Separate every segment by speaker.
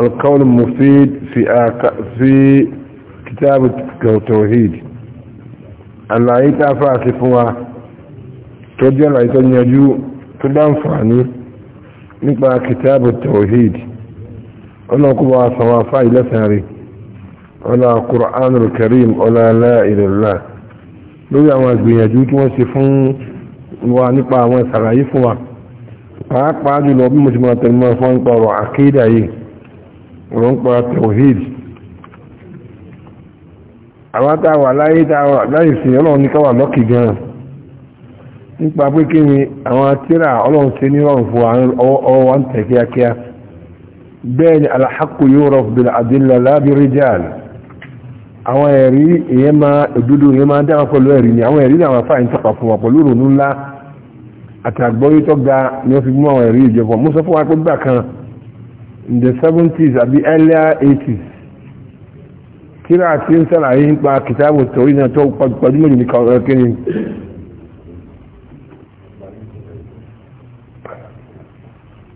Speaker 1: القول المفيد في في كتاب التوحيد àlàyé tá a fà sí fún wa tó jẹ́ àlàyé tó yanjú tawhid ọ̀nà kúbọ̀ àsànwà fà ìlẹ́sàn rí ọ̀nà Karim ọ̀nà la ilallah lórí wa pàápàá jùlọ bí mo ti máa tẹ̀lé fún ń pọ̀rọ̀ àkídà yìí ọ̀rọ̀ ń pọ̀rọ̀ tawhid àwọn táwà láyé táwà láyé sí ọlọ́run ní káwà lọ́kì gan nípa pé kí ni àwọn tíra ọlọ́run ṣe ní rọrùn fún ọwọ́ wa ń tẹ̀ kíákíá bẹ́ẹ̀ ni alhaqqu yuraf bil adilla la bi rijal àwọn ẹ̀rí ìyẹn máa òdodo ìyẹn máa dára pẹ̀lú ẹ̀rí ni àwọn ẹ̀rí ni àwọn afáàyàn tọ́pa fún wa pẹ̀lú ìrònú ńlá àtàgbọ́yé tó ga ni wọ́n fi mú àwọn ẹ̀rí ìjọba mo sọ fún wa pé gbà kan in the seventies àbí earlier eighties kíra àti ń sàlàyé nípa kìtàbù torí náà tó gbajúmọ̀ jù ní kọ́ni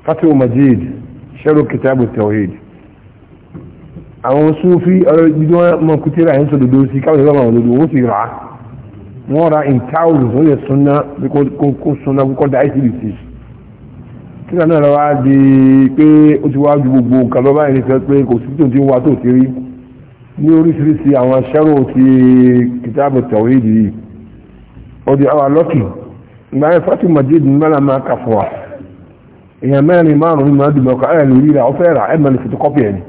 Speaker 1: fatihu majid ṣẹ́rù kìtàbù tawhid àwọn súnfí ọ̀rọ̀ ìdíjọ́ mọ̀ kútìrà ẹ̀ ń sọ dodo sí káwọn ìjọba àwọn dodo wọ́n sì rà á wọ́n ra in thousands wọ́n lè súnná kó súnná kó da icbc kíkà náà lọ́wọ́ á di pé ó ti wá ju gbogbo nǹkan lọ́wọ́ báyìí nìkan pé kò sí tòun ti ń wá tó ti rí ní oríṣiríṣi àwọn aṣẹ́rò ti kìtàbù tawhid yìí ọdí àwọn lọ́kì ìgbà yẹn Fatima Majid ní mẹ́la máa kà fún wa èèyàn mẹ́rin márùn-ún máa dùn ọkọ̀ ẹ̀ lórí rà ọ fẹ́ rà ẹ̀ mẹ́rin photocopy ẹ̀ ni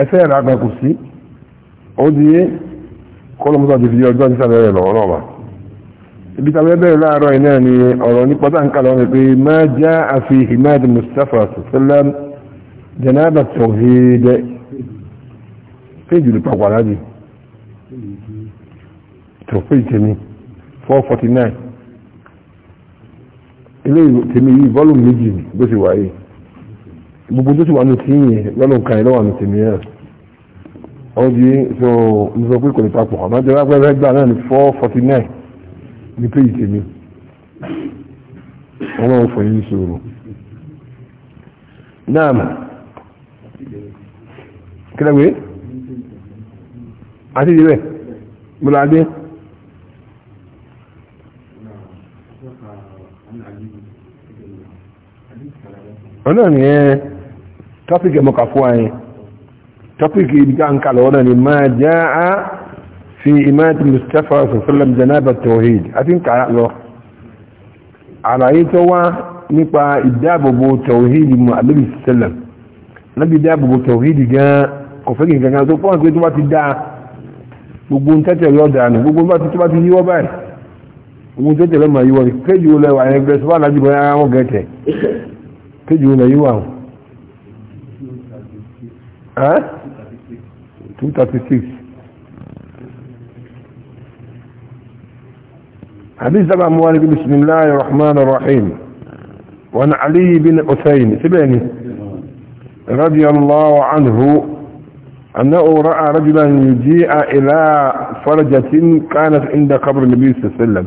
Speaker 1: ẹ fẹ́ rà gan kò sí ó di yé kọ́lọ́ mọ́tò àti fi ọjọ́ ní sàbẹ̀rẹ̀ lọ́wọ́ náà wà ibi tàbí ẹbẹ̀rẹ̀ láàárọ̀ iná ni ọ̀rọ̀ nípa táǹkà lọ́wọ́ pé má já àfi himad mustapha sallam janaba tawhid péjì lè papọ̀ aláàjì tó péjì tèmi 449 ilé tèmi yìí volume méjì bó ti wáyé gbogbo tó ti wà ní tìyìn lọ́nà kan ìlọ́wà ní tèmi náà ọdí so mo sọ pé kò lè papọ̀ àmọ́ jẹ́ lápẹ́ fẹ́ gbà náà ní four forty nine ní péjì tèmi wọ́n máa ń fọ yín sòrò náà kílẹ̀wé àti ìdíbẹ̀ múládé ọ̀nà ni ẹ́ tọ́pìkì ẹ̀mọ́kà fún ayé topic ibi tá ń kalọ̀ ọ́nà ni máa jẹ́ á fi imáàtì mustapha sọ̀sọ́lọ́m janaba tawhid àti ń kàá lọ àlàyé tó wá nípa ìdáàbòbò tawhid mu àlébì sọ̀sọ́lọ́m nábi ìdáàbòbò tawhid gan kò fẹ́ kìí gangan tó pọ́n pé tó bá ti dá gbogbo ń tẹ́tẹ̀ lọ dànù gbogbo bá ti tó bá ti yíwọ́ báyìí gbogbo tẹ́tẹ̀ lọ́mọ yíwọ́ kéjì wo lẹ́wà yẹn sọ́wọ́ alájú bọ́ yára wọn gẹ̀ẹ́tẹ̀ kéjì wo yíwọ́ àwọn. 236 حديث أبا موالد بسم الله الرحمن الرحيم وعن علي بن حسين سبعني رضي الله عنه أنه رأى رجلا يجيء إلى فرجة كانت عند قبر النبي صلى الله عليه وسلم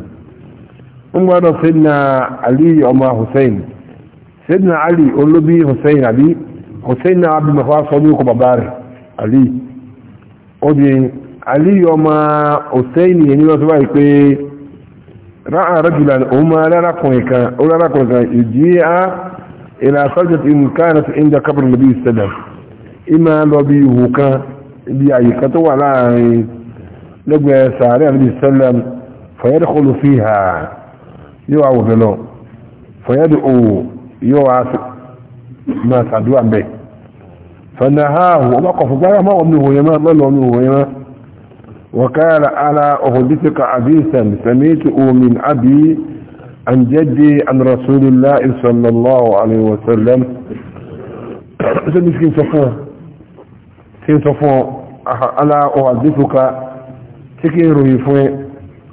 Speaker 1: ثم سيدنا علي وما حسين سيدنا علي قل له بي حسين علي حسين عبد المخلاص صديق بباري علي obìnrin aliyu ọmọ òsẹ́ni yẹn nílọ́tọ́ báyìí pé ráà rẹ́jùlá òun máa lárakùnrin kan ó lárakùnrin kan ìjí á ìlà sọ́jọ́tì nǹkan àti ìjà kábàrì nàbí ìṣẹ̀lẹ̀ ìmá lọ bí ìhù kan ibi àyè kan tó wà láàrin lẹ́gbẹ̀ẹ́ sàárẹ̀ àbí ìṣẹ̀lẹ̀ fọyẹ́dì kọlù fi hà yóò àwòrán lọ fọyẹ́dì òwò yóò wá máa sàdúrà bẹ́ẹ̀ فنهاه وقف قال ما أمنه يما ظل أمنه يما وقال ألا أحدثك حديثا سمعته من أبي عن جدي عن رسول الله صلى الله عليه وسلم سميت سكين صفوه سكين صفوه ألا أحدثك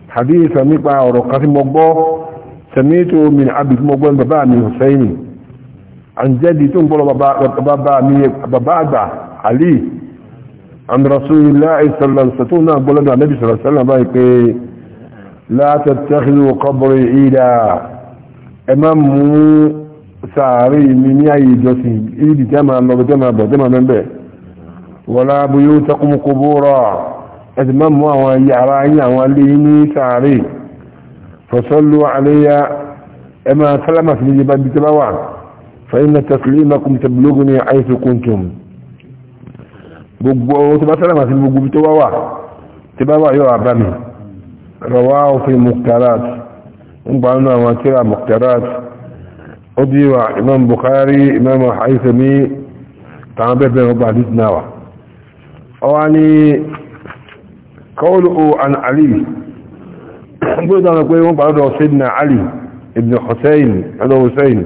Speaker 1: حديثا مقبع ورقات مقبع سمعته من أبي مقبع بابا من حسيني àǹjẹ́dì tó ń gbọ́rọ̀ bàbá àgbà àlì àmìrasúlá ìsọ̀lọ̀sọ̀ tó náà gbọ́lọ́dọ̀ àmẹ́bì sọ̀rọ̀sọ̀lọ̀ báyìí pé látàtàkìlú kọbùrì ìdá ẹ má mú sàárì mi ní ayé ìjọsìn ìdí tẹ́ máa lọ tẹ́ máa bọ̀ tẹ́ máa mẹ́bẹ̀ wọlá bu yóò tẹ́kùn kó bóòrọ̀ ẹ ti má mú àwọn yàrá yín àwọn alé ní sàárì fọ̀sọ́lù àléyà ẹ máa sálámà sí ní ibi tẹ́ bá wà فإن تسليمكم تبلغني حيث كنتم بقبوا تبسلم في البقبوا تبوا تبوا يعبامي رواه في المختارات انبعنا واترى مختارات أديوا إمام بخاري إمام حيثمي تعبير بين ربع ديتناوة وعني قوله عن علي نقول أنا أقول سيدنا علي ابن حسين هذا حسين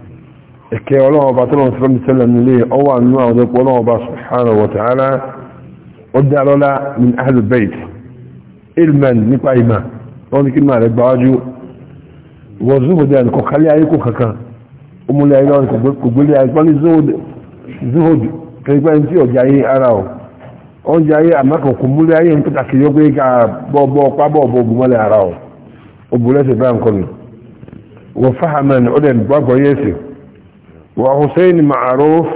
Speaker 1: eke ọlọ́ọ̀bá tó lọ́wọ́ sọ́lọ́mù sẹ́lẹ̀ nílé ọwụwa nínú àwọn ọ̀dọ́pọ̀ ọlọ́ọ̀bá subhanahu wa ta'ala ó dá min ahlul bayt ilman nípa ìmà wọ́n ní kí máa rẹ̀ gbáwájú kankan omúlẹ̀ ayé lọ́wọ́ kò gbélé وحسين معروف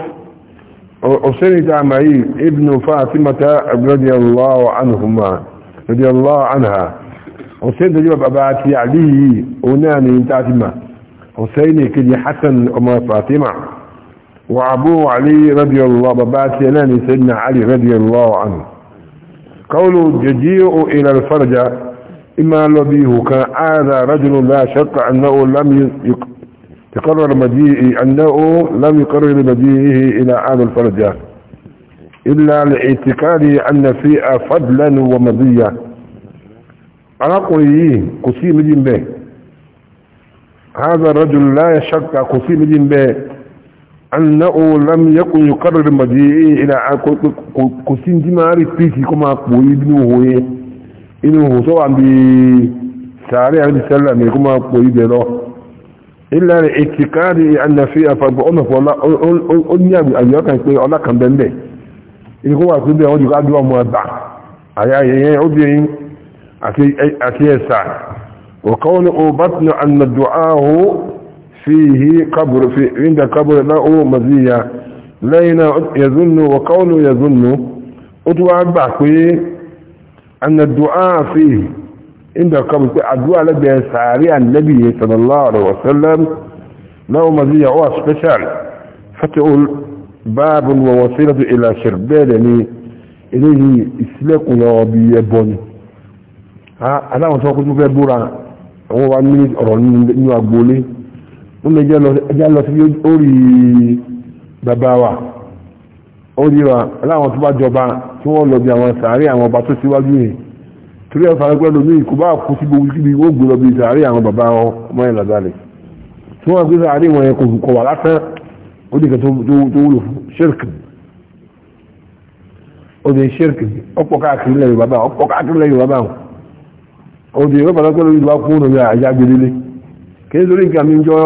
Speaker 1: حسين تعمعي ابن فاطمة رضي الله عنهما رضي الله عنها حسين تجيب أباتي علي أناني تعتمة حسين كدي حسن أم فاطمة وعبو علي رضي الله بباتي أناني سيدنا علي رضي الله عنه قوله ججيء إلى الفرج إما لبيه كان هذا رجل لا شك أنه لم يقل تقرر مجيئه أنه لم يقرر مجيئه إلى عام الفرج إلا لاعتقاده أن فيها فضلا ومضية أرقيه قسيم به هذا الرجل لا يشك قسيم به أنه لم يكن يقرر مجيئه إلى قسيم جماري فيه كما قوي ابنه إنه سواء بسارع بسلم كما قوي بلوه ilẹ̀ rẹ̀ ìtìkáàrí ànàfi àfàgbọ́ ọ̀nàfọ́ ó ní àyọkà pé ọlákan bẹ́ẹ̀ kó wà pé bẹ́ẹ̀ wọ́n jù káàdùn ọmọ àgbà àyàyẹyẹ obìnrin àti ẹ̀sà ọ̀kan ní ọbátìnà ànàdùáhù fi ríndà kábùrù láwọ́ inda kan ku addu'a la da sari annabi sallallahu alaihi wasallam law maziya wa special fatul bab wa wasilatu ila shirbadani ilayhi islaku ya bi bon ha ala won so ku be bura won wa mi ọ̀rọ̀ ni agbole o me je lọ je lọ sí orí bàbá wa orí wa ala won tó bá jọba tí wọ́n lọ bí àwọn sari àwọn bá tó síwájú yìí torí àwọn fara gbọ́dọ̀ míì kò bá kú sí gbogbo kíbi ó gbọ́dọ̀ bíi sàárè àwọn bàbá wọn máa ń làdálẹ̀ tí wọ́n gbé sàárè wọn yẹn kò wà lásán ó dìgbà tó wúlò fún ṣírkì ó ọ̀pọ̀ káàkiri lẹ́yìn bàbá ọ̀pọ̀ káàkiri lẹ́yìn bàbá ó àyà gbélélé kí ní torí nǹkan mi ń jọ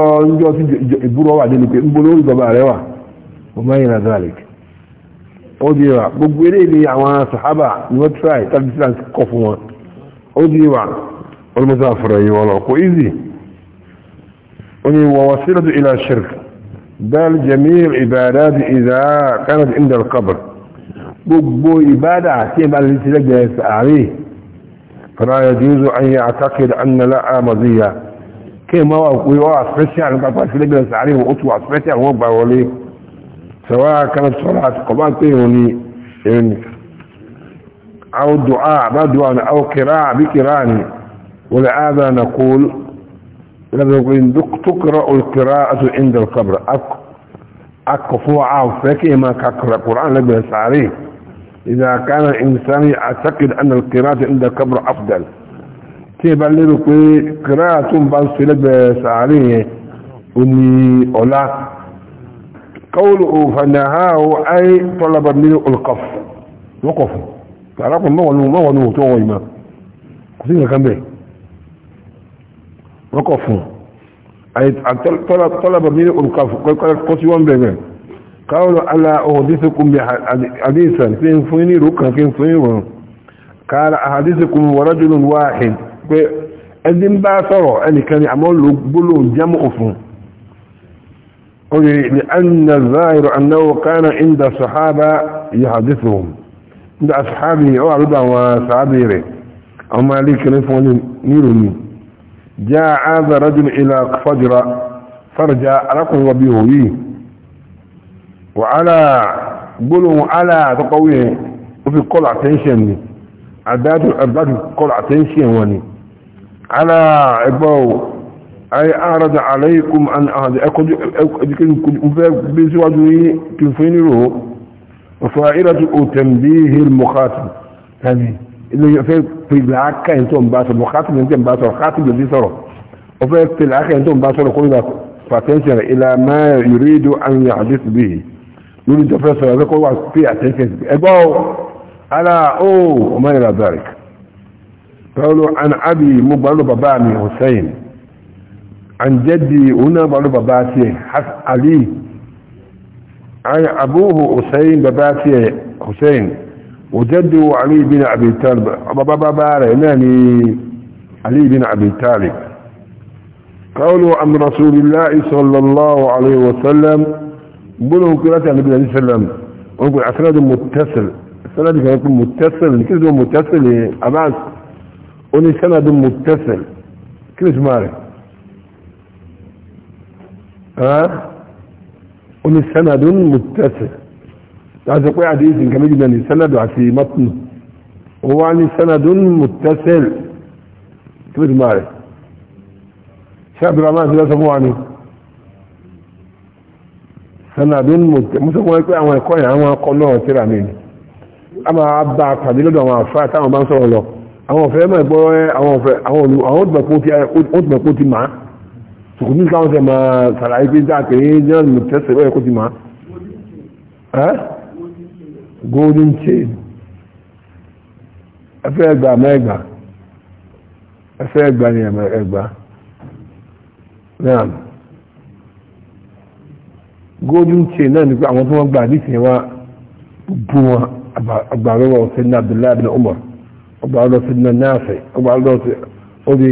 Speaker 1: ń ó di wa gbogbo eré ni àwọn sahaba ni wọ́n tíra ìtàbí sílá kọ fún wọn ó di wa olùmọ́sá fọ̀rọ̀ yìí wọ́n lọ kò ízì ó ní wọ́n wasilatu ila shirk bal jami'il ibadat idha kanat inda al-qabr gbogbo ìbádà tí ìbá lè ti lẹ́gbẹ̀ẹ́ sàárè fara yajuzu an ya'taqid anna la'a madhiya kí ma wà pé wà special nípa pàṣẹ lẹ́gbẹ̀ẹ́ sàárè wọ́n tún wà special wọ́n gbà wọlé سواء كانت صلاة قبات يوني يعني أو دعاء ما دعاء أو قراءة بقراءة ولهذا نقول لازم تقرأ القراءة عند القبر أكفوعة فكي ما كقرأ القرآن لبس عليه إذا كان الإنسان يعتقد أن القراءة عند القبر أفضل تيبا لبقى قراءة بس لبس عليه وني أولا قوله فنهاه أي طلب منه القف وقف فعلاكم ما ونوه ما ونوه توه ما كثيرا كان به وقف أي طلب, طلب منه القف قال قصيوان به قالوا ألا أحدثكم بحديثا فين فيني ركا فين فيني قال أحدثكم ورجل واحد أذن باسره أني كان يعمل له بلو جمع فيه لأن الظاهر أنه كان عند الصحابة يحدثهم عند أصحابي أو عبدا وصحابه أو مالك نفهم نيرني جاء هذا رجل إلى فجر فرجع لكم وبيهوي وعلى قولوا على تقويه وفي كل تنشني عداد الأرباك كل تنشن وني على إبو ay arada alaykum an ahadi ẹkọjú fẹ́ bí síwájú yí kí n fún nílò fa'iratu tanbihil mukhatab tàbí ilé ọfẹ́ pèlè áká ẹ̀ tó ń bá sọ̀rọ̀ mukhatab ẹ̀ tó ń bá sọ̀rọ̀ khatab ẹ̀ sọ̀rọ̀ ọfẹ́ pèlè áká ẹ̀ tó ń bá sọ̀rọ̀ kó nígbà pàtẹ́ńsì rẹ̀ ila ma yuridu an yahdith bihi lórí ìjọfẹ́ sọ̀rọ̀ ẹ̀fẹ́ kó wà pay attention ẹgbọ́ ala o ọmọ ìlà barik pẹ̀lú an abi mo gbàlọ́ bàbá عن جدي هنا بلو حس علي عن أبوه حسين باباتي حسين وجده علي بن أبي طالب ابا بابا باري ناني علي بن أبي طالب قولوا عن رسول الله صلى الله عليه وسلم بلو كلاة عن النبي عليه وسلم ونقول أسناد متصل أسناد كان يكون متصل كيف متصل أباس وني سند متصل كيف مارك ó ní sanadun muttasil láti pé àdéhìsì nǹkan méjì náà ní sanadu àti matnu ó wá ní sanadun muttasil tó ti máa rẹ̀ ṣé abdulrahman ti lọ́sọ fún wa ni sanadun muttasil mo sọ fún wa pé àwọn ẹ̀kọ́ yẹn àwọn akọ náà tíra mi ni a máa bá a pàdé lọ́dọ̀ àwọn àfáà táwọn bá ń sọ̀rọ̀ lọ àwọn ọ̀fẹ́ mọ̀ ẹ̀gbọ́ àwọn ọ̀fẹ́ àwọn olùgbàpọ̀ ti máa sùkùn ní káwọn tẹ̀ máa sàlàyé pé dáa pé náà lè tẹ́sẹ̀ lọ́yẹ̀ kó ti máa golden chain ẹfẹ́ ẹgbà mẹ́gbà ẹfẹ́ ẹgbà ni ẹgbà náà golden chain náà nípa àwọn tó wọ́n gbà àdìsí wa bú wọn àgbàrọ̀wọ̀ ọ̀sẹ̀ ní Abdullahi bin Umar ọgbà ọlọ́sẹ̀ ní Nafi ọgbà ọlọ́sẹ̀ ó di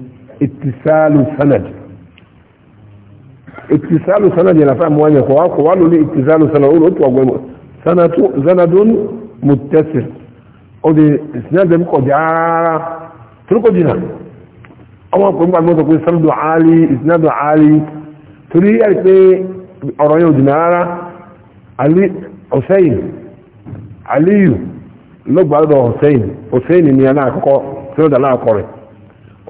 Speaker 1: اتسال سند اتسال سند يا فهم وين يقوا قالوا لي اتسال سند اقول اتوا سند سند متصل ودي اسناد بكو جارا تركو دينا اما كون بعد ما تقول سند عالي اسناد عالي تري يعني اوريو دينارا علي حسين علي لو بعد حسين حسين ني انا كوكو سند لا كوري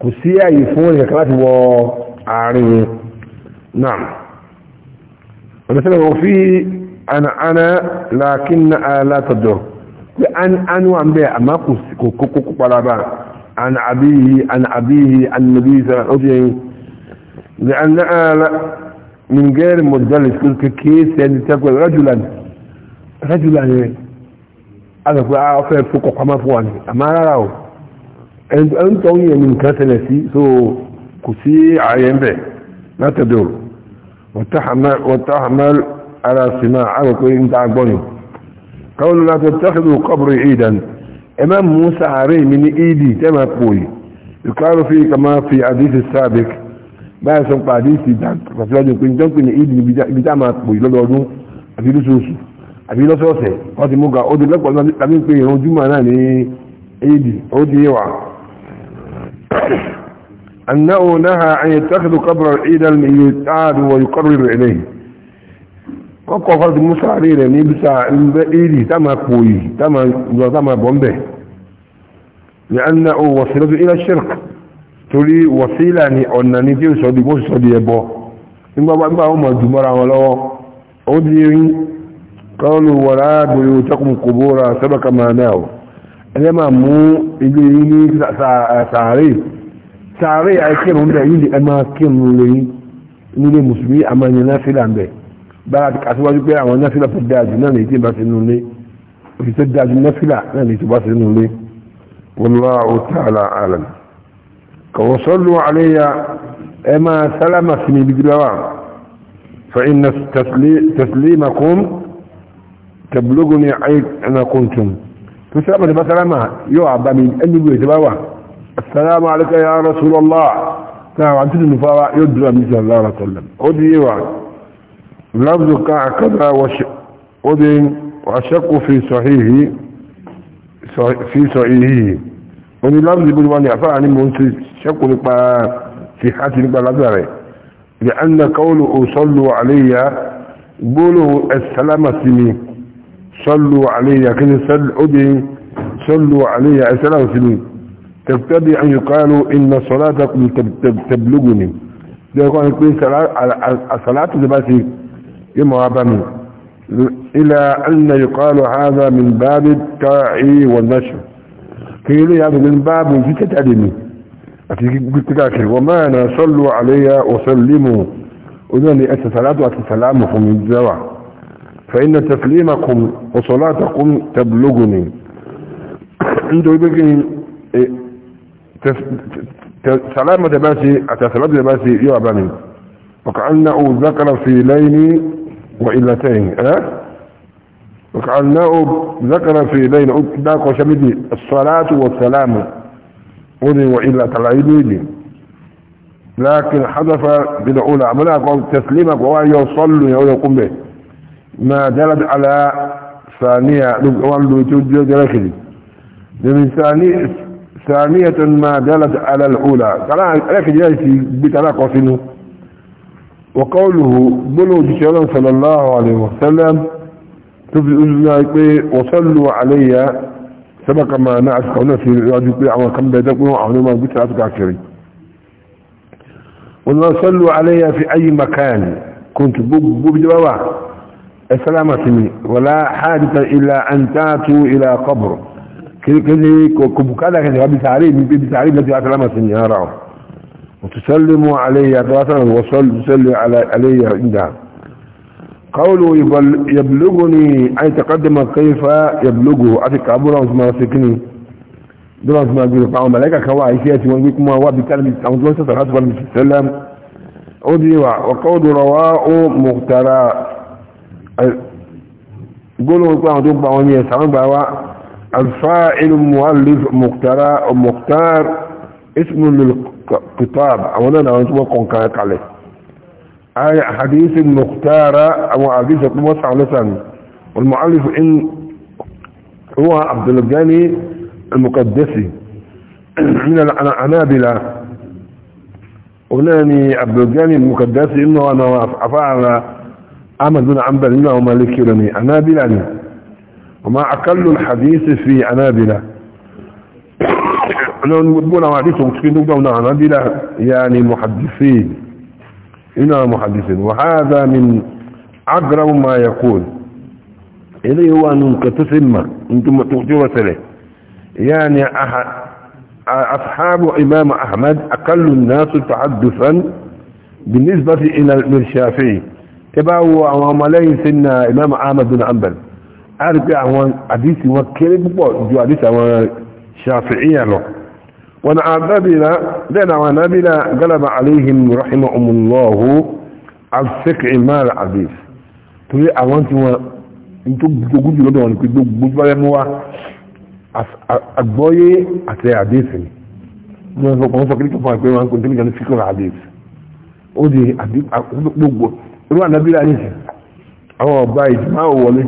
Speaker 1: kò sí àyè fún ẹ̀kẹ́ láti wọ àárín náà ọ̀dọ̀sẹ́lẹ̀ wọ́n fi ànàánà lákín látọ̀dọ̀ pé ánú à ń bẹ́ àmá kò kókó paraba عن أبيه عن أبيه عن النبي صلى الله عليه وسلم لأنها من غير مدلس كل كيس يعني تقول رجلا رجلا هذا هو أفضل فوق وقما فوق أما لا رأوه ẹn tó ń yẹ ní nǹkan tẹ̀lẹ̀ sí so kò sí ààyè ń bẹ̀ látẹ̀dọ̀ wọ́tàhàmẹ́l ara sì ka pé ń ta gbọ́nù káwọn láti tẹ́kìlú kọ́bùrù ìdàn ẹ máa mú sàárè mi ní ìdì tẹ́ máa ìkọ́rọ̀ fi kàmá fi àdìsí sábẹ̀k báyìí sọ pé àdìsí pàṣẹwájú pé jọ́ pé ní ìdì ibi tá máa lọ́dọọdún àbí lóṣooṣù àbí lọ́sọ̀ọ̀sẹ̀ wọ́n ti mú ga ó di lọ́pọ̀ di أنه نهى أن يتخذ قبر العيد الميتاد ويقرر إليه وقف فرد موسى عليه نبسا إيدي تما كوي تما تما بومبه لأنه وصلة إلى الشرق. تري وسيلة أن نجي سعودي بوش سعودي يبو إما بأما هم الجمرة ولو أودي قالوا ولا بيوتكم قبورا سبك ما ناو ẹlẹ́ máa mú ilé yìí ní sàárè sàárè àìkírùn bẹ̀ yìí ẹ máa kírùn lè yìí nílé mùsùlùmí àmàyàn náfílà ń bẹ̀ bára ti kà síwájú pé àwọn náfílà tó dájú náà lè tí bá ti nulé òfin tó dájú náfílà náà lè tí bá ti nulé wallahu ta'ala alam kàwọ́ sallu alayya ẹ máa sálámà sí mi bíbí lọ́wọ́ fa inna taslimakum tabluguni ayna kuntum تسلم لما يو يوعى بامين أني بوي تباوى السلام عليك يا رسول الله تعالى عن تدن فارع يدرى من صلى الله رسول الله أدي يو لفظك كذا وش أدي وأشك في صحيح في صحيحه وني لفظ بلوان يعفى عن المنسي شك في حاتي لقى لذره لأن قوله صلوا علي قوله السلام سمين صلوا علي كذا سل عدي صلوا علي ثلاث سنين تبتدي أن يقالوا إن صلاتكم تبلغني ده يقول يكون صلاة دباتي يمعبني إلى أن يقال هذا من باب التاعي والنشر كيلي هذا من باب في تتعلمي أتكاكر وما أنا صلوا علي وسلموا أذني أتسلاتوا أتسلامكم من الزواج فإن تسليمكم وصلاتكم تبلغني انتو يبقين إيه، سلامة باسي أتسلام باسي يعبني وكأنه ذكر في لين وإلتين أه؟ وكأنه ذكر في لين أتداك وشمدي الصلاة والسلام أذي وإلا تلعيني لكن حذف بالأولى قال تسليمك وهو يصل يقوم به ما دلت على ثانية وان لوتو جلكلي لمن ثانية ثانية ما دلت على الأولى قال لك جايسي بتلاق وسنه وقوله بلو جشلان صلى الله عليه وسلم تفل أجل وصلوا علي سبق ما نعس قولنا في رجل قيع وكم بيدقوا وعنما قلت أتبع كري وصلوا علي في أي مكان كنت بوب بوب سلامتني ولا حاجة إلا أن تاتوا إلى قبر كذي كبكالا كذي بتعريب بتعريب التي سلامتني يا رعو وتسلموا علي تواصلا وصل تسلي على عندها قولوا يبلغني أي تقدم كيف يبلغه أتك أبونا وما سكني دون ما يقول قام ملاك كواي كواعي سياتي ونقولكم هو بكلم أعوذ الله صلى الله عليه وسلم أدري وقول رواه مخترع قولوا يقولوا دون باونية سعون باوا الفاعل مؤلف مختار مختار اسم للكتاب اولا انا انتوا كونكاك عليه اي حديث مختار او حديث موسع لسان والمؤلف ان هو عبد الغني المقدسي من العنابلة وغناني عبد الغني المقدسي انه انا افعل أحمد بن عمبل إنه مالك لني أنابلة لي وما أقل الحديث في أنابلة أنا نقول حديثهم تكين نقول أنابلة يعني محدثين إنه محدثين وهذا من أقرب ما يقول إليه هو أن تسمى أنتم تقدروا سليه يعني أصحاب إمام أحمد أقل الناس تحدثا بالنسبة إلى الشافعي tẹbá wo àwọn ọmọlẹ́yìn sí na imam ahmad bin a rí pé àwọn àdísì wọn kéré púpọ̀ ju àdísì àwọn shafi'iyya lọ wọn àwọn anábìlá galaba alayhim rahimahumullahu al-fiqh imar hadith torí àwọn tí wọn n tó gbogbo jùlọ dọ̀wọ̀n pé gbogbo bá rẹ̀ àti àdísì wọn irú ànábílà ní àwọn ọba ìjìmá wọlé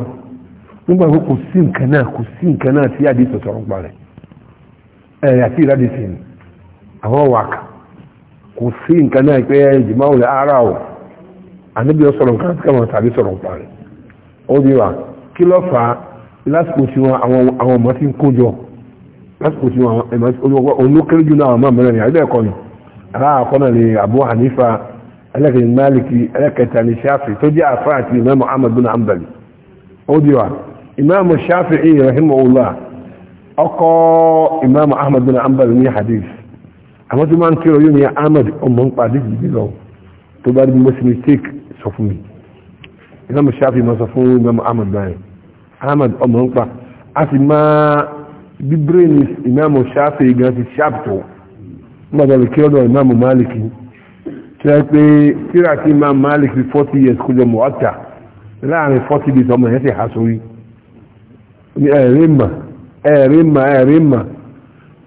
Speaker 1: nígbà pé kò sí nǹkan náà kò sí nǹkan náà tí àdìsọ̀ sọ̀rọ̀ ń parẹ̀ ẹ̀ àti ìrádìsì àwọn wàkà kò sí nǹkan náà pé ìjìmá wọlé ara ọ̀ ànábílà sọ̀rọ̀ nǹkan tí káwọn tàbí sọ̀rọ̀ ń parẹ̀ ó bí wa kí ló fà á lásìkò tí wọn àwọn ọmọ ti ń kó lásìkò tí wọn olókèrè jù náà àwọn ọmọ mẹ́rin àbẹ́ẹ̀kọ́ ni aláàkọ́ náà ni Abu Hanifa ẹlẹ́kẹ̀ẹ́ máàlìkì ẹlẹ́kẹ̀ẹ́ta ni ṣáfì tó jẹ́ àfáà àti ìmáàmù ahmad bin ambali ó di wa ìmáàmù ṣáfì ìyí rahimahullah ọkọ ìmáàmù ahmad bin ambali ní hadith àwọn tó máa ń kírò yóò ní ahmad ọmọ ń pa hadith yìí lọ tó bá di mọ́sí mistake sọ fún mi ìmáàmù ṣáfì máa sọ fún ìmáàmù ahmad báyìí ahmad ọmọ ń pa a sì máa bí brain ìmáàmù ṣáfì gan ti ṣáàpù tó ń bá dọ̀rọ̀ kí ọ̀dọ̀ ìmáàmù máàlìkì tẹ́ pé tíra Malik fi forty years kó jọ mọ̀ọ́tà láàrin forty days ọmọ yẹn ti há sórí ẹ̀rí mà ẹ̀rí mà ẹ̀rí mà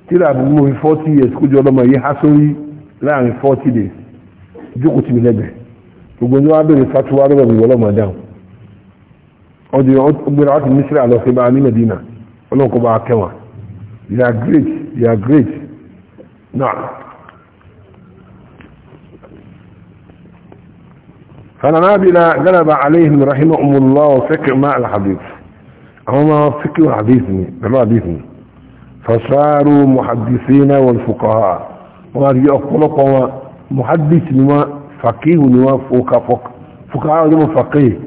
Speaker 1: tíra àbúrò fi forty years kó jọ ọmọ yẹn há sórí láàrin forty days jókòó tì lẹ́gbẹ̀ẹ́ gbogbo ní wàá bẹ̀rẹ̀ fatuwa lọ́wọ́ mi wọ́lọ́ mọ̀ dáhùn ọdún ọgbẹ́rẹ́ ti lọ sí bá a ní Medina ọlọ́run بلا غلب عليهم رحمهم الله وفكر مع الحديث هما فكروا حديثني بما حديثني فصاروا محدثين والفقهاء وقال يقولوا محدث نوا فقيه نوا فوق فوق فقهاء نما فقيه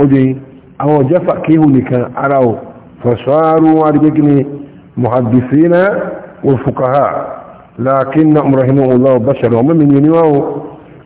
Speaker 1: أجي أو جاء فقيه لك أروا فصاروا أرجعني محدثين والفقهاء لكنهم رحمهم الله بشر ومن ينواه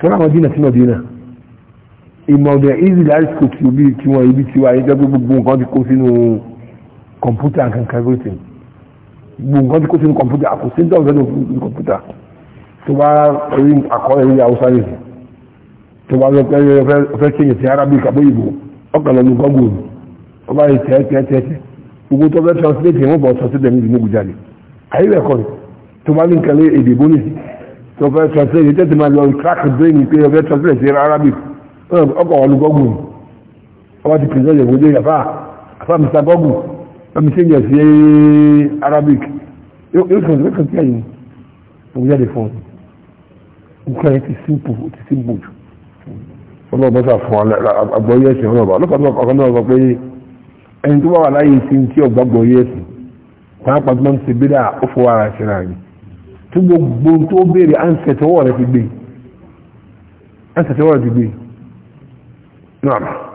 Speaker 1: tọ́lá Madina sí Madina ìmọ̀ ọ̀dẹ̀ easy life school tí obi tí wọ́n ibi tí wà ní jẹ́gbé gbogbo nǹkan ti kó sínú kọ̀mpútà kankan everything gbogbo nǹkan ti kó sínú kọ̀mpútà àkó sí dọ́ọ̀dọ́ ní òfin kọ̀mpútà tó bá rí àkọọ́lẹ̀ ní haúsá yìí tó bá lọ pé ọfẹ́ kí èyàn ti Arabic àbóyìnbó ọkàn lọ ní gọ́gùn ó bá yẹ tẹ́ tẹ́ tẹ́ tẹ́ gbogbo tó fẹ́ translate wọn bọ̀ sọ sí dẹ̀mí ìdìmọ̀ gùjáde àyè tó fẹ́ translate tẹ́tí máa lọ crack brain pé ọfẹ́ translate sí arabic ọkọ̀ ọlùgọ́gù ọba ti pèsè ìwé dé yàfá àfá mr gọ́gù ọmọ sí ìyẹ̀ sí arabic yóò kàn sí kàn sí ẹ̀yìn òun jáde fún un nǹkan yẹn ti simple ti simple jù ọlọ́run bá sà fún agbọ́yé ẹ̀sìn ọlọ́run bá ọlọ́kàn ọkàn náà sọ pé ẹni tó bá wà láyé sí ti ọgbàgbọ́yé ẹ̀sìn pàápàá tó máa ń ṣe gbé dáa ó tí gbogbo tó béèrè ánsẹ̀tẹ̀wọ̀ rẹ̀ ti gbé ánsẹ̀tẹ̀wọ̀ rẹ̀ ti gbé náà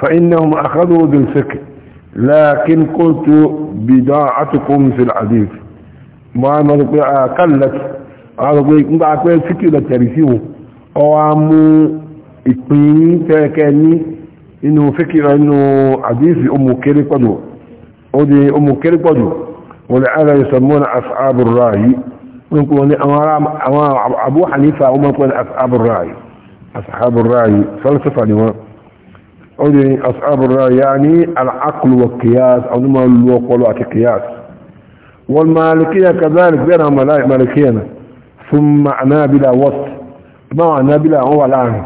Speaker 1: فإنهم أخذوا ذو الفكر لكن قلت بضاعتكم في العديد ما نقول أقلت أقول نقول أقول فكر لترسيه أوام إقنيني تركني إنه فكر إنه عديد أم كيري قدو أم كيري قدو ولعل يسمون أصحاب الراي امام أبو حنيفة هم يقولون أصحاب الراي أصحاب الراي فلسفة لما أولي أصحاب الراي يعني العقل والقياس أو نما الوقل والقياس والمالكية كذلك بينهم مالكيه ثم بلا وسط ما بلا هو الآن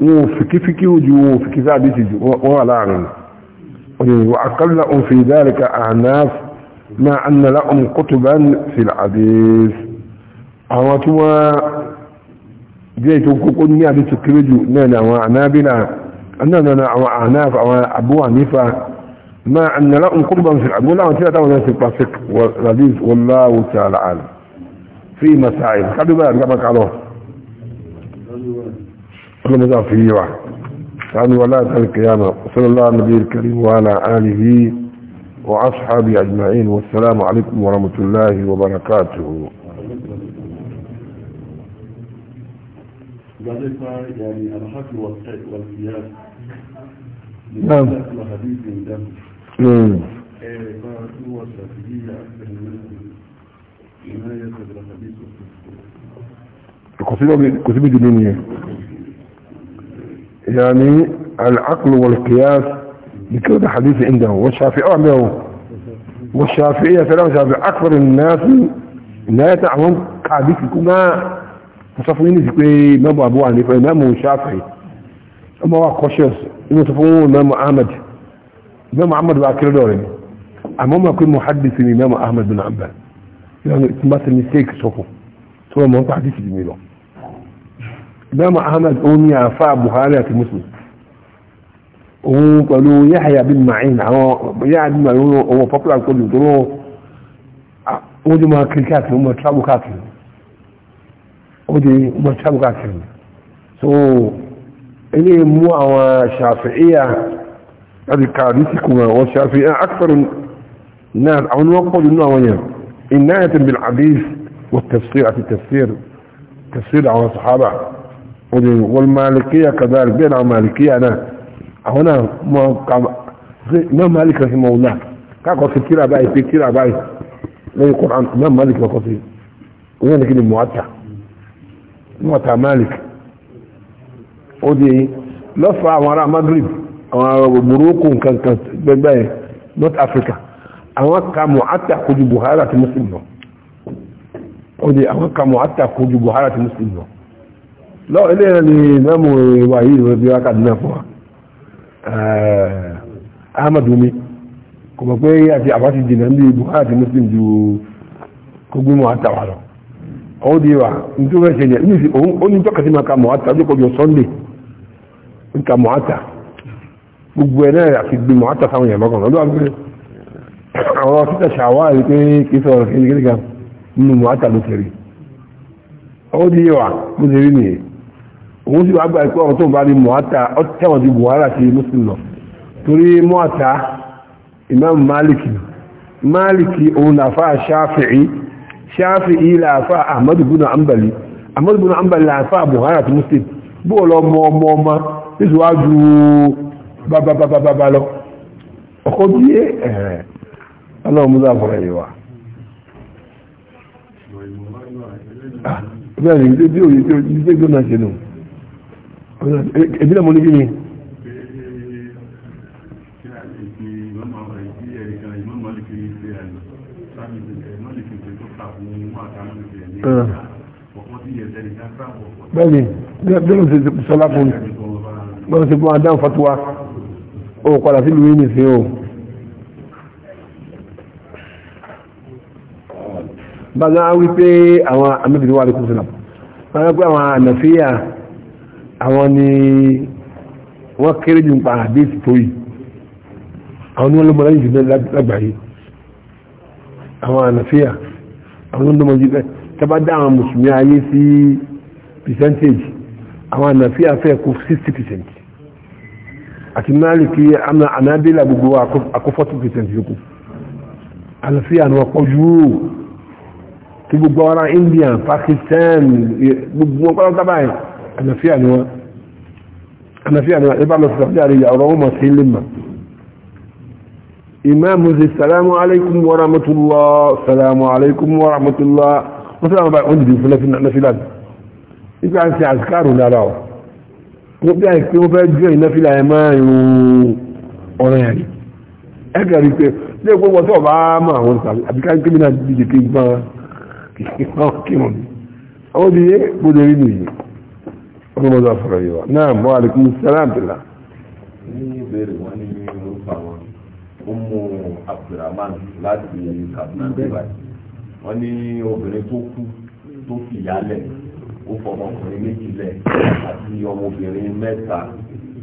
Speaker 1: وفكي فكي وجو فكي ذا بيتي وهو الآن وأقلهم في ذلك أعناف مع أن لهم كتبا في الحديث أما توا جيتو وكوكو نيا دي تكرجو نانا وعنابنا أننا وعناف أو أبو عنيفة مع أن لهم كتبا في الحديث ولا أنت تاونا سيباسك والحديث والله تعالى عالم في مسائل خلوا بالك قبلك علوه كل مضاف فيه واحد يعني ولا تلك القيامة صلى الله على النبي الكريم وعلى آله وأصحابي أجمعين والسلام عليكم ورحمة الله وبركاته يعني الحق والقياس نعم, نعم. الحديث من دم نعم هو الشافعية أكثر من جناية الحديث كتب جنينية يعني العقل والقياس بكل حديث عنده والشافعي عنده والشافعية سلام شافعي أكثر الناس لا يتعلم كعبيك كما تصفين ذكري ما أبو أبو إمام الشافعي أما هو قشص إنه تصفوني إمام أحمد إمام أحمد باكر دوري أما ما يكون محدث إمام أحمد بن عباس يعني إتماثل مستيك صفو ثم ما حديث جميله إمام أحمد أمي فا بخاري المسلم وقالوا يحيى بن معين يعد معين وفقل على كل دروه ودي ما كل كاتل وما تشابه كاتل ودي ما تشابه كاتل سو إليه مو أو شافعية هذه كارثكما وشافعية أكثر الناس أو نقول إنه أو ين إناية بالعبيث والتفسير في التفسير تفسير على الصحابة والمالكية كذلك بين المالكية أنا àwọn náà mọ kàmá náà malik rahimahullah káàkọ́ sí tíra báyìí pé tíra báyìí lẹ́yìn Qur'an náà malik lọ́kọ́ sí wọ́n ní kí ni muwata muwata malik ó di lọ́fà àwọn ará Maghrib àwọn ará Morocco nkankan gbẹgbẹ́ North Africa àwọn ka muwata kojú Buhari àti Muslim lọ ó di àwọn ka muwata kojú Buhari àti Muslim lọ lọ́wọ́ ilé ni mẹ́mú ìwà yìí ló bí wákàtí náà fún wa Eh, ahmad omi kò mọ̀ pé àti jina jìnnà ní buhari muslim ju kó gbé mọ́ àtàwà lọ ọwọ́ di wa nítorí wọ́n ṣe yẹn ní ìsìn òun ó ní tọ́kasí máa ka mọ́ àtà ọjọ́ di wa mo òun sì wá gba ìpé ọ̀rọ̀ tó bá ní mọ̀átà ọ̀tẹ́wọ̀n ti buhari àti muslim lọ torí mọ̀átà imam maliki maliki òun làfà shafi'i shafi'i làfà ahmadu bin ambali ahmadu bin ambali làfà buhari àti muslim bó lọ mọ ọmọ ọmọ nítorí wá ju bábábábábá lọ ọkọ̀ bí ẹ̀rẹ̀ ọlọ́run mú láàbọ̀ rẹ̀ wá ah, bẹ́ẹ̀ ni ilé bí òye tí ó ti gbé gbóná ṣe nù ebi náà mo ní kí ni. bẹ́ẹ̀ni bẹ́ẹ̀ni ṣe sọlá fún mi bẹ́ẹ̀ni ṣe fún adam fatuwa ó padà sí lùmí nìsí o. bàbá wípé àwọn amẹ́bìnrin wà lókùn sílẹ̀ bàbá wípé àwọn ànàfíà àwọn ni wọ́n kéré jù pa àdéhùn tó yìí àwọn ni wọ́n lọ́mọ lẹ́yìn jùlọ lágbàáyé àwọn ànàfíà àwọn lọ́mọ jùlọ tẹ́bá dá àwọn mùsùlùmí ayé sí percentage àwọn ànàfíà fẹ́ kó 60% percent, àti Málíkì ànábílà gbogbo àkó 40% yòókù ànàfíà ni wọ́n pọ̀ jù tí gbogbo ara India Pakistan gbogbo ọgbọ́n tábàáyé ànàfíà ni wọ́n ànàfíà ni wọ́n ẹbá lọ sọ̀rọ̀ járe ìyà ọ̀rọ̀ ọmọ sí lè mà ìmáàmù sí sàlámù aláìkùm wa rahmatullah sàlámù aláìkùm wa rahmatullah wọ́n sọ̀rọ̀ bá wọ́n dìde fún nàfíà ni ibi à ń ṣe àzikáàrù lára ọ̀ wọ́n bí àìpé wọ́n fẹ́ jọ ìnáfíà ẹ̀ máa ń ọ̀rọ̀ yẹn ẹgbẹ̀ rí pé ní ẹgbẹ́ wọ́n sọ̀rọ̀ bá máa wọ́n sàbí àbíká ń kémi náà dìde kí n gbọ́n kí n gbọ́n kí n mọ̀ mi àwọn obìnrin gbọ́dọ̀ rí nìyí ọmọ ọdọ afọlọ yìí wa náà mọ alikun sẹlẹm bìlá. ní ìbéèrè wọn ní orúkọ àwọn ọmọ abdulrahman láti kaduna dubai wọn ní obìnrin tó kú tó fìyálẹ̀ ó fọmọkùnrin méjìlẹ̀ àti ọmọbìnrin mẹ́ta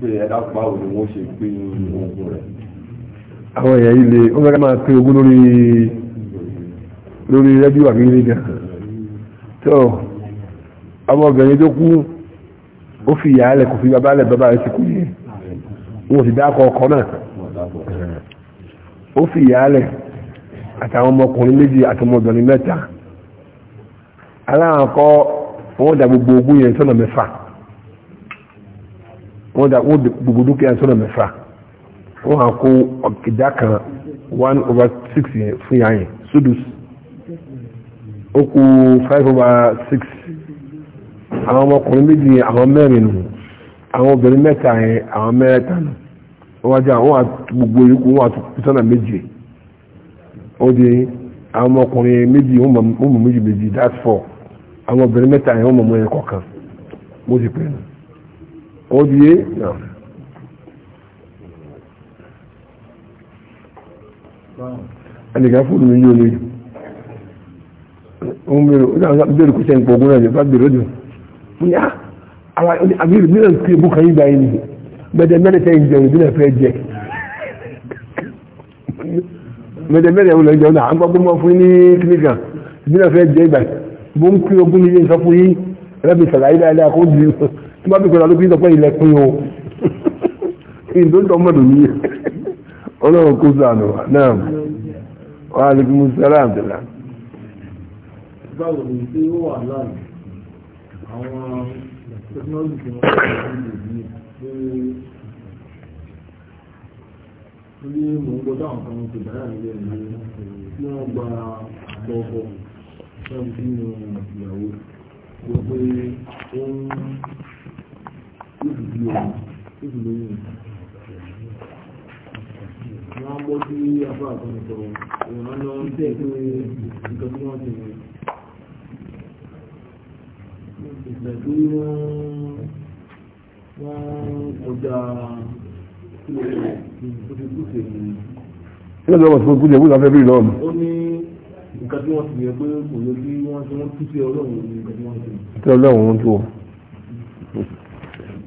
Speaker 1: pé ẹ̀dá báwo ni wọ́n ṣe pín ogún rẹ̀. àwọn èèyàn yìí lè wọ́n fẹ́ máa pín ogún lórí lórí rẹ́díò àbí nígbà tó ọmọbìnrin tó kú ó fi ìyá alẹ kò fi bàbá alẹ bàbá rẹ ti kú yìí wọn ò sì dákọ ọkọ náà ó fi ìyá alẹ àtàwọn ọmọkùnrin méjì àtọmọbìnrin mẹ́ta aláàkọ wọn dà gbogbo ogún yẹn sọ́nà mẹ́fà wọn dà gbogbo dúkìá sọ́nà mẹ́fà wọn hàn kó ìdá kan one over six yẹn fún yàrá yẹn sódùs ó kú five over six. àwọn ọmọkùnrin méjì àwọn mẹ́rin nù àwọn obìnrin mẹ́ta yẹn àwọn mẹ́ta nù wọ́n wájú àwọn gbogbo yòókù ó di àwọn ọmọkùnrin méjì wọ́n mọ̀ méjì méjì that's four àwọn obìnrin mẹ́ta yẹn wọ́n mọ̀ kọ̀ọ̀kan mo ti pè é nù ó di yé náà. ẹnìkan fún mi yóò lóyún ó ń bèrè kó sẹ́yìn pọ̀ náà bá bèrè ó bóyá àwọn àbí ìlú mìíràn tí ebú kan yí gbà yín ni mẹ́tẹ̀ mẹ́rin tẹ́ ìjẹun ìdílé fẹ́ jẹ mẹ́tẹ̀ mẹ́rin ẹ̀wọ̀n lọ́jọ́ náà àgbà gbọ́mọ fún ní kíníkà ìdílé fẹ́ jẹ ìgbà bó ń pín ogún nílé nǹkan fún yín ẹlẹ́bi sàlàyé dáadáa kó di tí wọ́n bí kọ́ra ló fi sọ pé ilẹ̀ o ìdó ń tọ́mọ̀ lò níyẹn ọlọ́run kó sànù náà báwo ni ṣé ó wà láàyè àwọn technology tí wọ́n fẹ́ lórí ìlú pé ní mò ń gbọ́dọ̀ àwọn kan ti bàrà nílé ẹ̀mí tí wọ́n gba àgbọ̀ ọkọ̀ fún nínú ìyàwó tó pé ó ń ìdùdú ọ̀hún ìdùdú yìí wọ́n gbọ́ sí afọ àkọ́nìkọ̀ òun náà ń tẹ̀ pé nǹkan tí wọ́n ti rìn ìgbà tí wọ́n kọjá kí ló lọ́wọ́ tí wọ́n kú jẹ́ kúta fẹ́ bí lọ́wọ́ mi. ó ní nǹkan tí wọ́n ti yẹ pé kò yẹ kí wọ́n ti wọ́n tú sí ọlọ́run ní nǹkan tí wọ́n ti. tí ọlọ́run wọn tó o.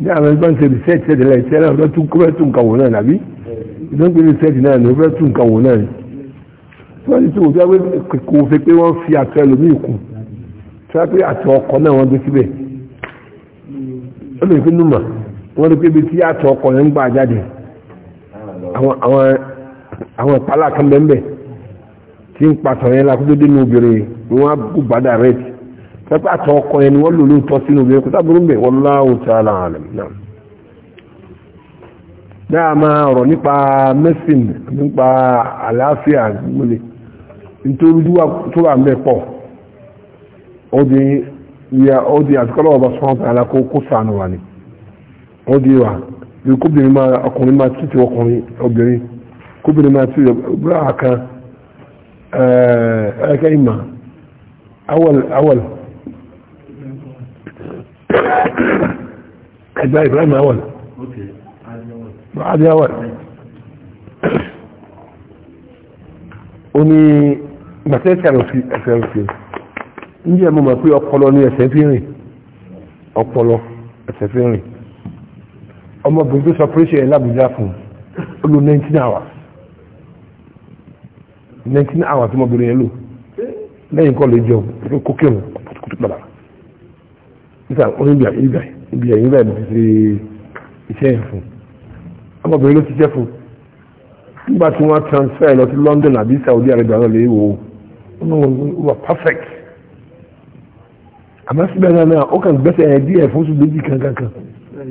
Speaker 1: ní àwọn ẹgbẹ́ ń ṣe research ṣẹ́ẹ̀tì lẹ́yìn ṣẹ́ẹ̀tì náà tún kó fẹ́ tún nǹkan wò náà nàbí ìdán pé research náà ni fẹ́ tún nǹkan wò náà wọ́n ti tún òjò pé wọ́n fi àtọ́ ẹlòmíì kù sábẹ́ àti ọkọ̀ náà wọ́n gbé síbẹ̀ ó lè fi númà wọ́n rí pé ibi tí àti ọkọ̀ yẹn ń gbà jáde àwọn ìpàlà kan bẹ́ẹ̀ tí ń pàtó yẹn la kótó dénú obìnrin ni wọ́n á kú bàdà rẹ̀ tì sábẹ́ àti ọkọ̀ yẹn ni wọ́n lò lóòótọ́ sínú obìnrin kó sábẹ́ rúbẹ̀ wallahu ta'ala alam náà dáa máa ọ̀rọ̀ nípa mẹ́sìn nípa àlàáfíà gbọ́lẹ̀ nítorí tó wà ń ó di ya ó di àtikọ́lọ́ ọba sọ́ọ̀tà alákó kó odi wa ní ó di wà bí kóbìnrin máa ọkùnrin máa títí ọkùnrin obìnrin kóbìnrin máa títí ọbúrà kan ẹ̀ẹ́kẹ́ ìmà awal awal ẹgbẹ́ Ibrahim awal adi awal ó ní gbàtẹ́ ìṣẹ̀lẹ̀ òfin njẹ́ mo mọ̀ pé ọpọlọ ni ẹsẹ̀ fi rìn ọpọlọ ẹsẹ̀ fi rìn ọmọbìnrin tó sọ pírẹ́sì ẹ̀ lábùjá fún ó lo nineteen hours nineteen hours tí ọmọbìnrin yẹn lò lẹ́yìn kọ́ lè jọ kó kéwòn kótó padà nígbà onígbà ìgbà ìgbà ìgbà ìgbà ti ṣe iṣẹ́ yẹn fún ọmọbìnrin ló ti jẹ́ fún nígbà tí wọ́n transfer lọ sí London àbí Saudi Arabia lọ lè wò ó wọ́n wà perfect àmọ́ síbẹ̀ náà náà ó kàn gbẹ́sẹ̀ ẹ̀ díẹ̀ fún oṣù méjì kankankan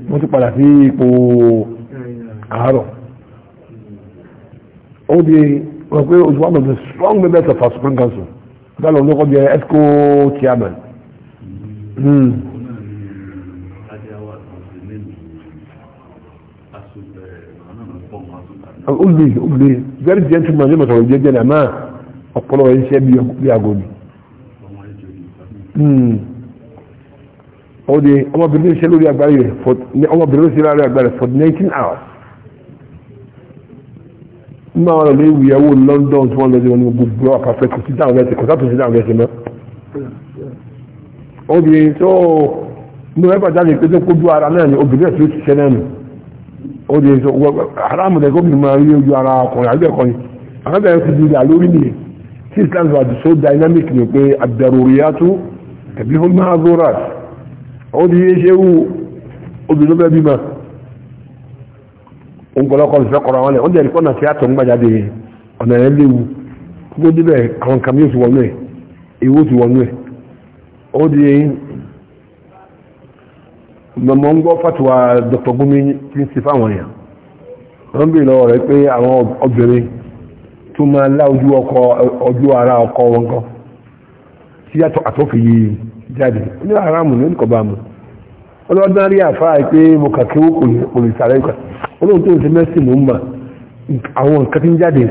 Speaker 1: wọ́n ti padà sí ipò àárọ̀ ó di wọ́n pé oṣù one of the strong members of our supreme council gbọ́dọ̀ ló kọ́ bí esco chairman. olè hmm. olè very gentleman ní mọ̀tàlá jẹjẹrẹ àmọ́ ọ̀pọ̀lọpọ̀ iṣẹ́ bí ago ni. Hmm ó di ọmọbìnrin ṣe lórí agbárí rẹ̀ ọmọbìnrin ṣe lórí agbárí rẹ̀ for nineteen hours nínú àwọn ọ̀rọ̀ léwu ìyàwó London tí wọ́n lọ sí wọn ní gbogbo ọ̀pá fẹ́ kò sí dáhùn lẹ́sẹ̀ kò sátò sí dáhùn lẹ́sẹ̀ mọ́ obìnrin tó ní wọ́n pàdé àlè pété kó dú ara náà ni obìnrin tí ó ti ṣẹ́ náà nù ó di sọ haram rẹ̀ gómìnà máa rí ojú ara ọkùnrin àgbẹ̀ kan ni àwọn bẹ̀rẹ̀ ti di ìlà lórí nìyẹn tí Islam wà so dynamic ni pé àdàrò rí yàtú tàbí ó máa zóra àwọn ti ṣe wú obìnrin bẹ́ẹ̀ bímọ ma lè fẹ́ kọ́ra wọn lẹ̀ wọ́n jẹ́ ìkọ́nà tí a tọ̀ ń gbàjáde ọ̀nà ẹ̀ léwu gbogbo débẹ̀ àwọn kàmí yóò ti wọnú ẹ̀ ti wọnú ẹ̀ di mọ̀mọ́ ń gbọ́ fàtiwà Dr. ń fáwọn wọ́n lọ́wọ́ rẹ̀ pé àwọn obìnrin tó máa ọkọ wọn àtọ́fẹ́ jáde ní aráàmù ní kọba mu ọlọ́dún rí àfáà pé mo kàkí ó kò lè sàrẹ́ ìgbà olóhùn tó ń ṣe mẹ́sì ló ń àwọn nǹkan tí ń jáde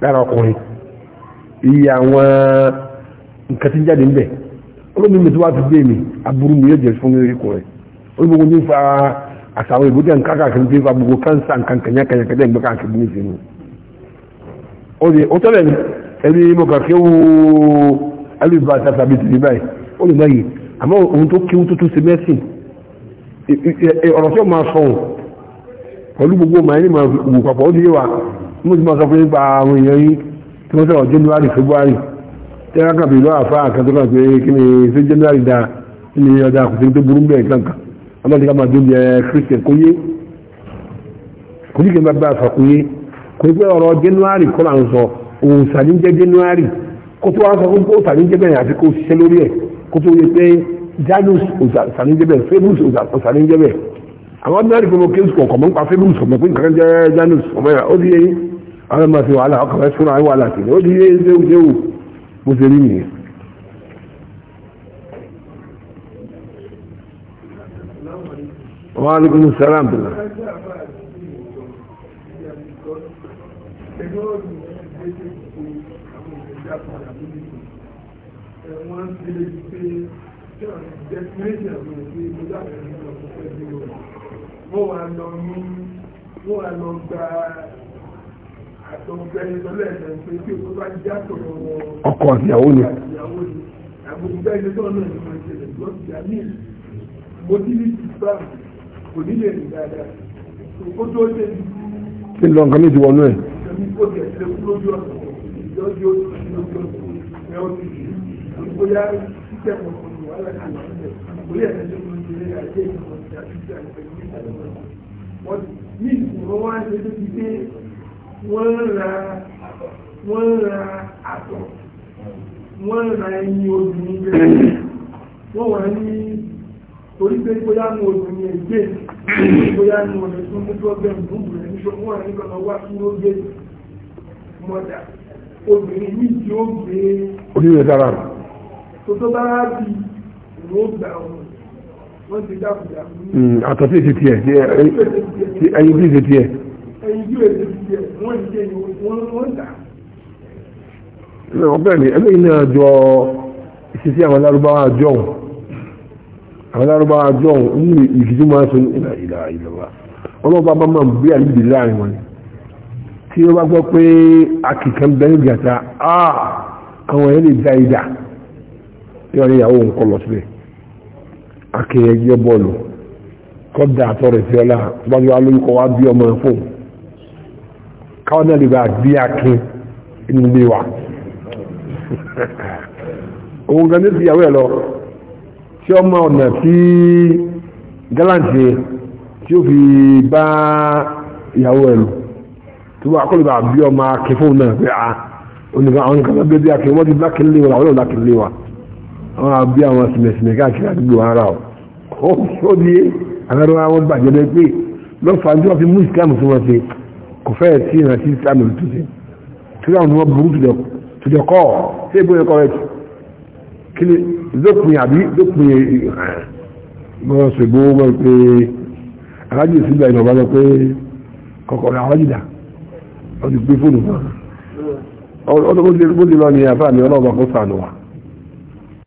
Speaker 1: lára ọkùnrin iye àwọn nǹkan tí ń jáde ń bẹ̀ mi tó wá ti mi aburú mi yóò jẹ fún mi rí kùnrin gbogbo fa àtàwọn nǹkan fa gbogbo kánsà nǹkan ní ìsinmi ó tọ́lẹ̀ ẹni mo kàkí ó alùpàá báyìí ó lè mọ yìí àmọ́ ohun tó kíwú tuntun sí mẹ́sìn ọ̀rọ̀ tí ó máa sọ pẹ̀lú gbogbo màá ní màá wù papọ̀ ó níyẹ̀wà mo ti máa sọ pé nípa àwọn èèyàn yìí tí wọ́n sọ̀rọ̀ January February tí wọ́n kàn lọ́wọ́ àfa àkàtọ́ pé kí ni ṣé January da kí ni ọjà kò sí tó burú bẹ́ẹ̀ kankan ọlọ́run ti ká máa dóbi ẹ Christian kó yé kò ní kí n bá bá a sọ kó kò ní pé ọ̀rọ̀ January kọ́ là ń sọ òòsàn ní January kó tó wá sọ fún òòsàn ní bẹ́ẹ̀ àti kó ṣiṣẹ́ lórí ẹ̀ kótó yẹ pé janus òsàníjẹbẹ febus òsàníjẹbẹ àwọn ordinary kò mọ kéésù kọ̀ọ̀kan mọ́ nípa febus ọmọ pé nǹkan jẹ́ janus ọmọ yà ó di yẹ àwọn ọmọ àti wàhálà ọkàn fẹ́ fúnra wàhálà sí ó di yẹ déwù déwù mo ṣe rí nìyẹn. wa alaikum salam bila wọ́n ń wọ́n wà lọ gba àtọ̀gbẹ́ ìtọ́lẹ̀ẹ̀sẹ̀ pé tí ó bá jásọ̀ lọ́wọ́ ọkọ ìyàwó ni àgbègbè ìlẹ́tọ́ náà ni wọ́n ṣẹlẹ̀ lọ́sí àmì motility bank kò nílé rí dáadáa ó tó ṣe ní. kí lọ nǹkan méjì wọnú ẹ. ẹni kò tẹ̀ ṣe kúlójú ọ̀sán ìjọ́jú ó ti ṣe lójú ọ̀sán ẹ̀ ó ti siamo con alla calante, voleva aggiungere a te con la città di questa cosa. Mi sono anche di te, guarda, guarda a te. Wọ́n ra ẹyin obìnrin bẹ́ẹ̀. Wọ́n wà ní torí pé bóyá mo obìnrin ẹgbẹ́ bóyá mo ọ̀nà tó mú problem gbùgbù rẹ̀ níṣọ́ wọ́n wà nígbà máa wá kúrò gbé mọ́dà. Obìnrin yìí tí ó gbé. Oníwèé dára rẹ̀ tó tó bá di ìwò gbà wọn wọ́n ti dákúdà. Hmm, àtọ̀sí ètò tiẹ̀ ẹyin bí ètò tiẹ̀. ẹyin bí ètò tiẹ̀ wọ́n ti jẹ́ ìwọ̀n wọ́n dà. ọ̀bẹ ni ẹlẹ́yìn náà jọ ìṣesí àwọn lárúbáwá jọ̀hún àwọn lárúbáwá jọ̀hún nínú ìṣíjú máa ń sọ ìlà ìlà ìlà wa ọlọ́ba bá máa ń gbé àlejò láàrin wọn tí ó bá gbọ́ pé akìkan bẹ́ẹ̀ gàtà ah, àwọn ẹ̀ lè da ìdá yóò rí ìyàwó nǹkan lọ sílẹ̀ akéyẹ yọ bọ́ọ̀lù kọ́dà àtọ́rẹ̀ sí ọlá tọ́bájú wa lórúkọ wa bí ọmọ fóun káwọn náà lè bá bí akin inú ilé wa òun gan ní ti ìyàwó ẹ̀ lọ tí ọmọ ọ̀nà tí gálàǹtì tí ó fi bá ìyàwó ẹ̀ lò tó bá kọ́lù bá bí ọmọ akin fóun náà pé a ah, onígbà àwọn nǹkan bẹ́ẹ̀ bí akin wọ́n ti bá kí ń lé wa làwọn náà bá kí ń lé wa àwọn àbí àwọn sìmẹ̀sìmẹ̀ káàkiri àdúgbò ara ọ̀ ó di àwọn àwọn bàjẹ́ bẹ́ẹ̀ pé lọ́fà tí wọ́n fi mú ìsìlámù tí wọ́n ṣe kò fẹ́ tí ìrìn àti ìsìlámù tó ṣe tí wọ́n wọ́n burú tó jọ kọ́ ṣé ìbúrẹ́ kọ́ rẹ̀ kí ni lópin àbí lópin mọ́ ṣègbó wọ́n pé alájì ìsìnbà ìnà ọ̀bájọ́ pé kọ̀kọ̀rọ̀ alájì dà ó ti gbé fóònù náà ọdún bó ti lọ ní àfáà ọlọ́ọ̀bà kó sànù wa